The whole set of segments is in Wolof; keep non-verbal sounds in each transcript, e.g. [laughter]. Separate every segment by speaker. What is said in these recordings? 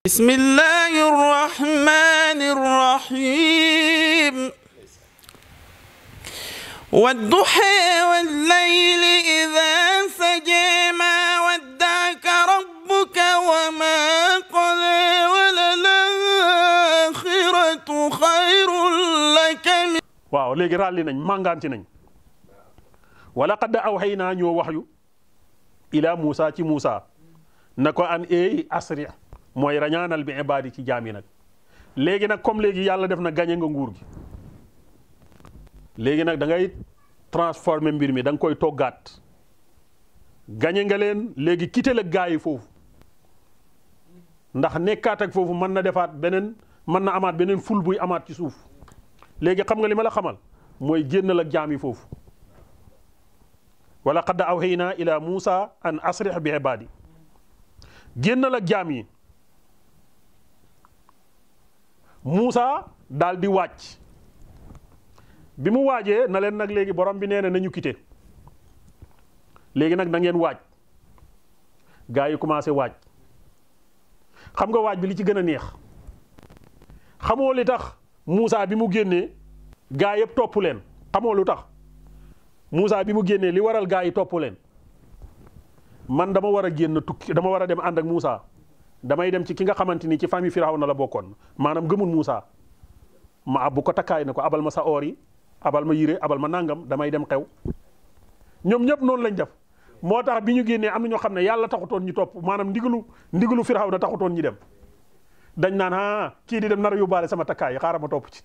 Speaker 1: بسم الله الرحمن الرحيم والضحى والليل إذا سجى ما ودعك ربك وما قلى وللآخرة خير لك من waaw léegi ràlli nañ màngaanti nañ walaqad awxaynaa ñoo waxyu ilaa Muusaa ci Muusaa na ko an eey asri mooy rañaanal bi ibaadi ci jaam yi nag léegi nag comme léegi yàlla def na gañe nga nguur gi léegi nag dangay ngay mbir mi danga koy toggaat gañe nga leen léegi quitté la gaa yi foofu ndax nekkaat ak foofu mën na defaat beneen mën na amaat beneen ful buy amaat ci suuf léegi xam nga li ma la xamal mooy génnal ak jaam yi foofu wala qad naa ila Muusa an asrix bi ibaadi génnal ak jaam yi muusa daal di wàcc bi mu waajee na leen nag léegi borom bi nee na nañu quitté léegi nag na ngeen waaj gaa yi commencé waaj xam nga waaj bi li ci gën a neex xamoo li tax Moussa bi mu génnee gaa yëpp topp leen xamoo lu tax Moussa bi mu génnee li waral gaa yi topp leen man dama war a génn tukki dama war a dem ànd ak Moussa damay dem ci ki nga xamante ni ci famille na la bokkoon maanaam gëmul Moussa ma ab ko takkaay ne ko abal ma sa oor yi abal ma yire abal ma nangam damay dem xew ñoom ñëpp noonu lañ def moo tax bi ñu génnee am na ñoo xam ne yàlla taxutoon ñu topp maanaam ndigalu ndigalu Firawna taxutoon ñu dem dañ naan ah kii di nar a yóbbuwaale sama takkaay yi xaaral ma topp ci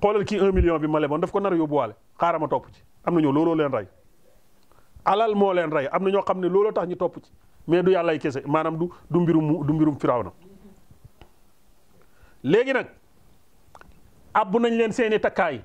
Speaker 1: xoolal kii million bi ma leboon daf ko nar a yóbbuwaale xaaral ma topp ci am na looloo leen rey alal moo leen rey am na ñoo xam ne looloo tax ñu topp ci mais du yàlla yàllay kese maanaam du du mbirum du mbirum Firawna léegi nag abbu nañ leen seeni takkaay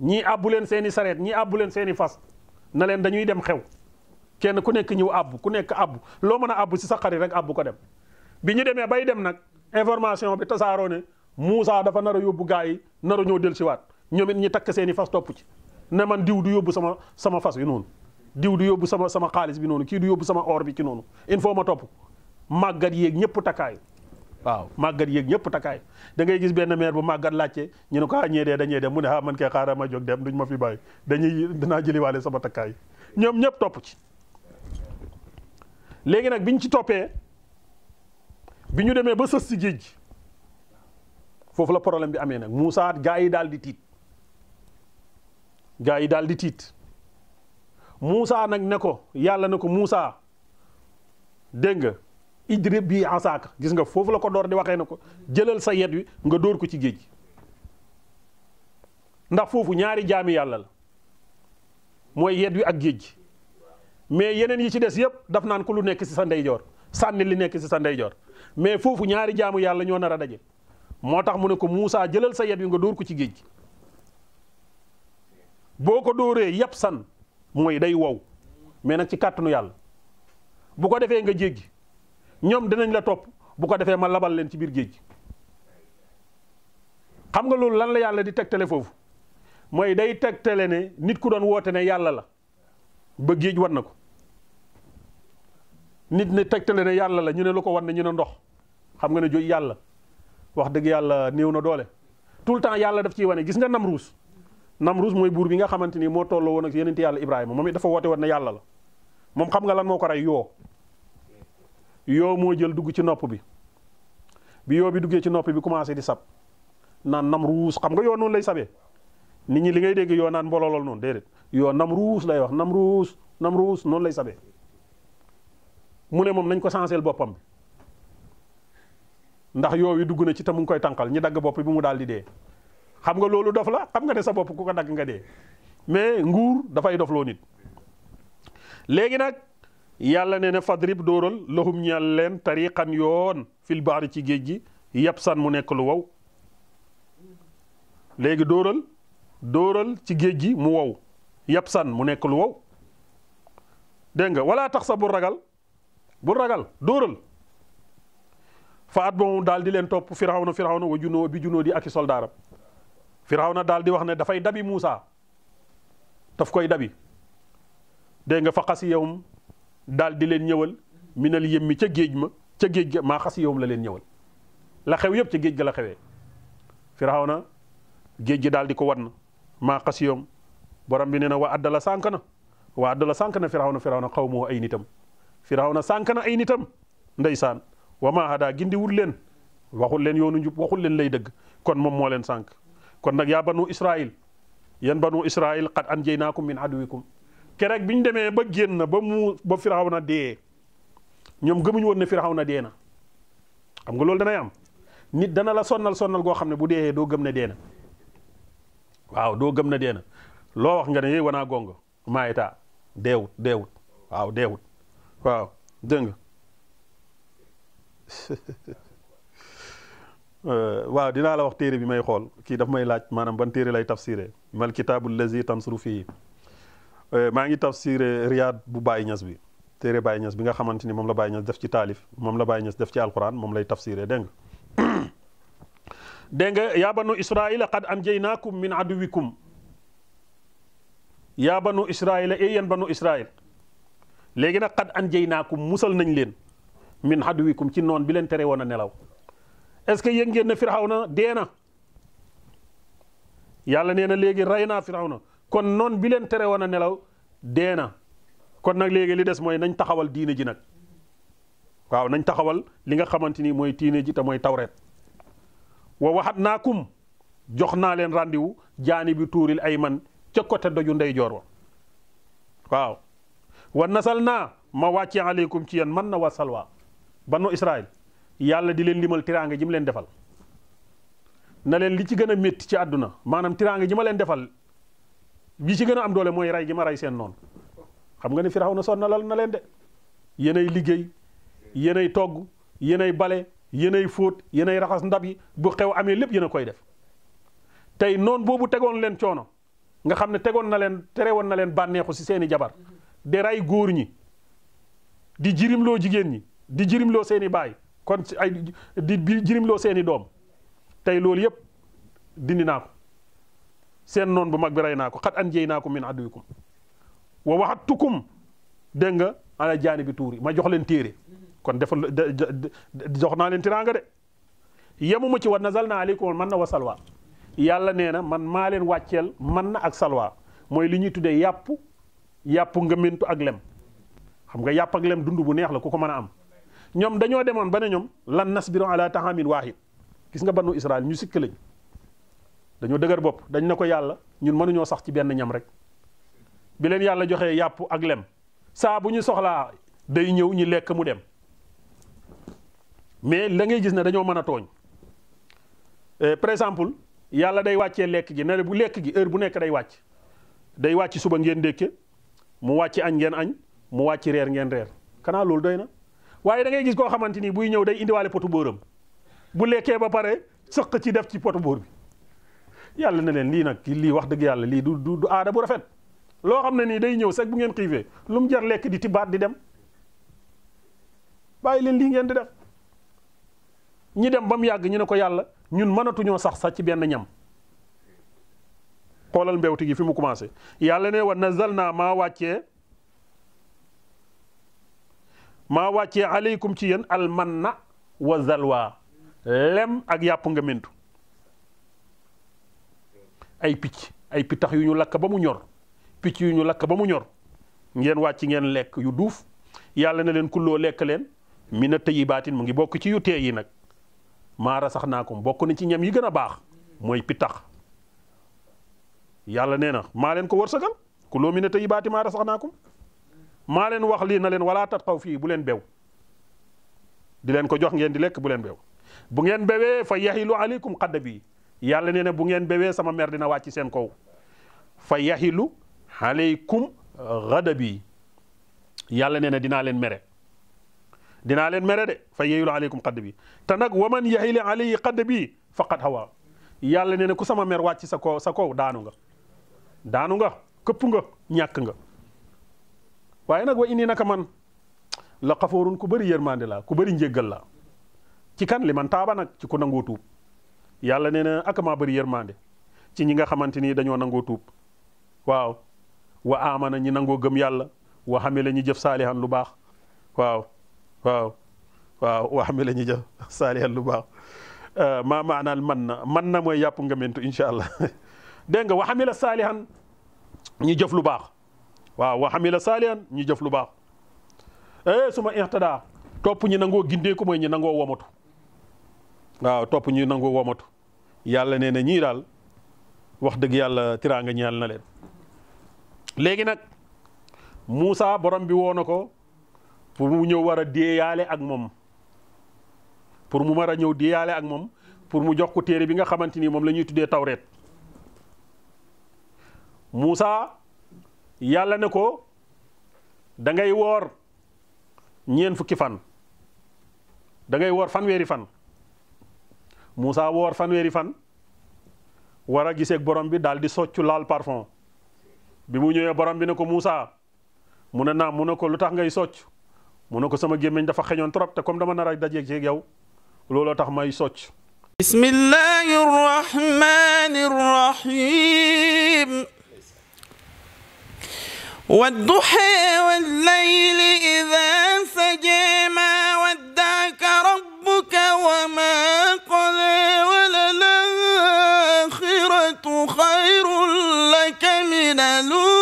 Speaker 1: ñii abbu leen seeni sareet ñii abbu leen seeni fas na leen dañuy dem xew kenn ku nekk ñëw abbu ku nekk àbb loo mën a abbu si saqari xarit rek abbu ko dem bi ñu demee bay dem nag information bi tasaaroo ne Moussa dafa nar a yóbbu gaa yi naru ñëw dellusiwaat ñoom it ñi takk seeni fas topp ci ne man diw du yóbbu sama sama fas wi noonu diw du yóbbu sama sama xaalis bi noonu kii du yóbbu sama or bi ci noonu il faut ma topp màggat yéeg ñëpp takkaayu waaw màggat yéeg ñëpp takkaayu da ngay gis benn maire bu màggat laajte ñu ne ko ah ñee dee dañee dem mu ne ah man kay xaaral ma jóg dem duñ ma fi bàyyi dañuy dinaa jëliwaale sama takkaay ñoom ñëpp topp ci. léegi nag biñ ci toppee bi ñu demee ba sës si géej foofu la problème bi amee nag Moussa gaa yi daal di tiit gaa yi daal di tiit. Moussa nag ne ko yàlla na ko muusa dégg nga idrib bii asaaka gis nga foofu la ko door di waxee na ko jëlal sa yet wi nga dóor ko ci géej gi ndax foofu ñaari jaamu yàlla la mooy yet wi ak géej gi mais yeneen yi ci des yëpp daf naan ku lu nekk si sa ndeyjoor sànni li nekk si sa ndeyjoor mais foofu ñaari jaamu yàlla ñoo nar a daje moo tax mu ne ko Moussa jëlal sa yet wi nga dóor ko ci géej gi boo ko dóoree yàpp san mooy day wow mais nag ci kàttanu yàlla bu ko defee nga jéggi ñoom dinañ la topp bu ko defee ma labal leen ci biir géej gi xam nga loolu lan la yàlla di tegtale foofu mooy day tegtale ne nit ku doon woote ne yàlla la ba géej wan na ko nit ne tegtale ne yàlla la ñu ne lu ko wan ne ñu ne ndox xam nga ne jooy yàlla wax dëgg yàlla néew na doole tout le temps yàlla def ciy wane gis nga nam ruus Namrus mooy buur bi nga xamante ni moo tolloo woon ak yeneen yàlla Ibrahima moom it dafa woote woon ne yàlla la moom xam nga lan moo ko rey yoo yoo moo jël dugg ci nopp bi bi yoo bi duggee ci nopp bi commencé di sab naan Namrus xam nga yoo noonu lay sabee nit ñi li ngay dégg yoo naan mbooloo lool noonu déedéet yoo Namrus lay wax Namrus Namrus noonu lay sabee mu ne moom nañ ko sanseel boppam bi ndax yoo wi dugg na ci te mu ngi koy tànqal ñi dagg bopp bi mu daal di dee. xam nga loolu dof la xam nga ne sa bopp ku ko dagg nga dee mais nguur dafay dof loo nit léegi nag yàlla ne na fadrib dooral lahum ñal leen tariqan yoon fil baari ci géej gi yab san mu nekk lu wow léegi dooral dóoral ci géej gi mu wow yab san mu nekk lu wow dégg nga wala tax sa bu ragal bu ragal dooral fa at moomu daal di leen topp firawna firawna wa junoo bi junoo di ak i soldaaram na daal di wax ne dafay dabi Muusa daf koy dabi dégg nga fa xasi yowum daal di leen ñëwal minal yem mi ca géej ma ca géej ga maa xasi la leen ñëwal la xew yëpp ca géej ga la xewee na géej gi daal di ko wan maa xasi borom bi nee na waa addala sànk na waa addala sànk na firawna firawna xaw moo ay nitam na sànk na ay nitam ndeysaan wa maa hadaa gindi leen waxul leen yoonu njub waxul leen lay dëgg kon moom moo leen sànk kon nag yaa banu israil yan banu israil qad anjaynaakum min aduwikum keroog bi ñu demee ba génn ba mu ba na dee ñoom gëmuñu woon ne na dee na xam nga loolu danay am nit dana la sonnal sonnal goo xam ne bu dee doo gëm na dee na waaw doo gëm na dee na loo wax nga ne yéen wanaa gong maa état deewut deewut waaw deewut waaw dégg [laughs] Euh, waaw dinaa la wax téere bi may xool kii daf may laaj maanaam ban téere lay tafsiré mal kitaabu lazi tansuru fii euh, maa ngi tafsiré Riyad bu Baye Niass bi téere baay Niass bi nga xamante ni moom la baay Niass def ci taalif moom la Baye Niass def ci alquran moom lay tafsiré dégg nga [coughs] dégg nga yaa banu israila qad anjaynaakum min aduwikum yaa banu israila e eh yéen banu israil léegi nag qad anjaynaakum musal nañ leen min aduwikum ci noon bi leen tere woon a nelaw est-ce que yëg ngeen ne Firawna dee na yàlla nee na léegi rey naa na kon noon bi leen tere woon a nelaw dee na kon nag léegi li des mooy nañ taxawal diine ji nag waaw nañ taxawal li nga xamante ni mooy tiine ji te mooy tawret wa waxat naa kum jox naa leen rendez-vous jaani bi tuuril ay man ca côté doju ndeyjoor wa waaw wa nasal na ma wàccee aleykum ci yéen man na wa salwa banu Israël yàlla di leen limal tiraanga ji mu leen defal na leen li ci gën a métti ci àdduna maanaam tiraanga ji ma leen defal bi ci gën a am doole mooy ray gi ma ray seen noon xam nga ne Firawna sonnalal na leen de yen ay liggéey ay togg yéenay bale ay fóot yéenay raxas ndab yi bu xew amee lépp yéen a koy def tey noon boobu tegoon leen coono nga xam ne tegoon na leen terewoon na leen bànneexu si seeni jabar di ray góor ñi di jirimloo jigéen ñi di jirimloo seeni baay kon ci ay di loo seeni doom tey loolu yëpp dindi naa ko seen noon bu mag bi rey naa ko xat an jey naa ko min aduwikum wa waxat tukum dégg nga ala jaani bi tuuri ma jox leen téere kon defal jox naa leen tiraanga de yemuma ci wa nazal naa aleykum man na wa salwa yàlla nee na man maa leen wàcceel man na ak salwa mooy li ñuy tuddee yàpp yàpp nga mentu ak lem xam nga yàpp ak lem dund bu neex la ku ko mën a am ñoom dañoo demoon ba ne ñoom lan nasbiru ala tahamin waahid gis nga banu Israël ñu sikk lañ dañoo dëgër bopp dañ na ko yàlla ñun mënuñoo sax ci benn ñam rek bileen yàlla joxee yàpp ak lem saa bu ñu soxlaa day ñëw ñu lekk mu dem mais la ngay gis ne dañoo mën a tooñ eh, par exemple yàlla day wàccee lekk gi ne bu lekk gi heure bu nekk day wàcc day wàcc suba ngeen dékke mu wàcc añ ngeen añ mu wàcc reer ngeen reer kanaa loolu doy na waaye da ngay gis koo xamante ni buy ñëw day indiwaale potu bóoram bu lekkee ba pare sëq ci def ci potu bóor bi yàlla na leen lii nag lii wax dëgg yàlla lii du du aada bu rafet loo xam ne nii day ñëw sax bu ngeen xiifee lu mu jar lekk di baat di dem bàyyi leen lii ngeen di def ñi dem ba mu yàgg ñu ne ko yàlla ñun mënatuñoo sax sax ci benn ñam xoolal mbewti gi fi mu commencé yàlla ne na nazal naa maa wàccee maa wàccee aleykum ci yéen almanna wa zalwa lem ak yàpp nga mentu ay picc ay pitax yu ñu lakk ba mu ñor picc yu ñu lakk ba mu ñor ngeen wàcc ngeen lekk yu duuf yàlla na leen kulloo lekk leen mi na tëyibaatin mu ngi bokk ci yu tee yi nag maara sax naa ko bokk na ci ñam yi gën a baax mooy pitax yàlla nee na maa leen ko wërsëgal kuloo mi na tëyibaati maara sax naa ko maa leen wax lii na leen walaa tat xaw fii bu leen bew di leen ko jox ngeen di lekk bu leen bew bu ngeen bewee fa yaxilu aleykum xadda bi yàlla nee na bu ngeen bewee sama mer dina wàcc seen kaw fa yaxilu aleykum xadda bi yàlla nee na dinaa leen mere dinaa leen mere de fa yaxilu aleykum xadda bi te nag waman yaxili aleyhi xadda bi faqat hawa yàlla nee na ku sama mer wàcc sa kaw sa kaw daanu nga daanu nga këpp nga ñàkk nga waaye nag wa indi naka man la xafoorun ku bëri yërmande la ku bëri njéggal la ci kan li man taaba nag ci ku nangoo tuub yàlla nee na ak maa bëri yërmande ci ñi nga xamante ni dañoo nangoo tuub waaw wa amana ñi nangoo gëm yàlla wa xamila ñi jëf saalihan lu baax waaw waaw waaw wa xamila ñi jëf saalihan lu baax euh, maa maanaal man na man na mooy yàpp ngamentu incha allah [laughs] dégg nga wa xamila saalihan ñi jëf lu baax waaw wa la saalihan ñu jëf lu baax e eh, su ma ixtadaa topp ñu nangoo gindee ko mooy ñu nangoo womatu waaw topp ñu nangoo womatu yàlla nee na ñii daal wax dëgg yàlla tiraanga ñeel na leen léegi nag Moussa borom bi woo na ko pour mu ñëw war a déeyaale ak moom pour mu war a ñëw déeyaale ak moom pour mu jox ko téere bi nga xamante ni moom lañuy tuddee tawreet Moussa yàlla ne ko da ngay woor ñeent fukki fan da ngay woor fanweeri fan Moussa woor fanweeri fan war a giseeg borom bi daal di soccu laal parfum bi mu ñëwee borom bi ne ko Moussa mu ne naam mu ne ko lu tax ngay socc mu ne ko sama gémmiñ dafa xeñoon trop te comme dama nar a dajeeg ci yow looloo tax may socc bismillahi rahmani rahim والضحى والليل إذا سجى ما ودعك ربك وما قلى وللآخرة خير لك من الأولى